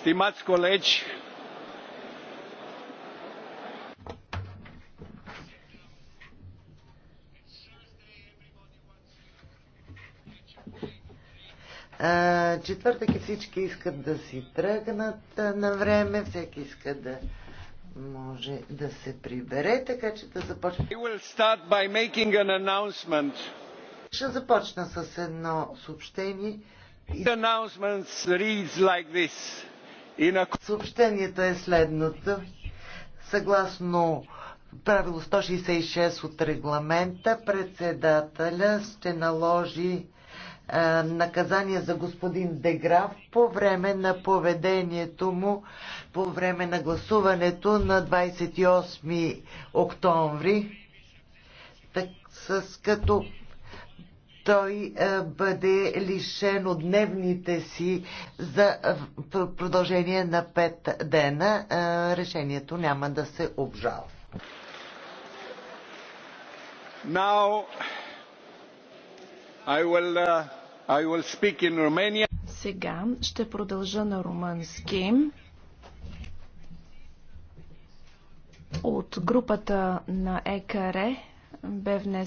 Stimați colegi, четвъртък и всички искат да си тръгнат на време, всеки иска да може да се прибере, така че да започне. Ще започна с едно съобщение. The announcement reads like this. Съобщението е следното. Съгласно правило 166 от регламента, председателя ще наложи е, наказание за господин Деграф по време на поведението му по време на гласуването на 28 октомври, так, с като той е, бъде лишен от дневните си за е, продължение на пет дена. Е, решението няма да се обжалва. Now, I will, uh, I will speak in Romania. Сега ще продължа на румънски. От групата на ЕКР бе внесен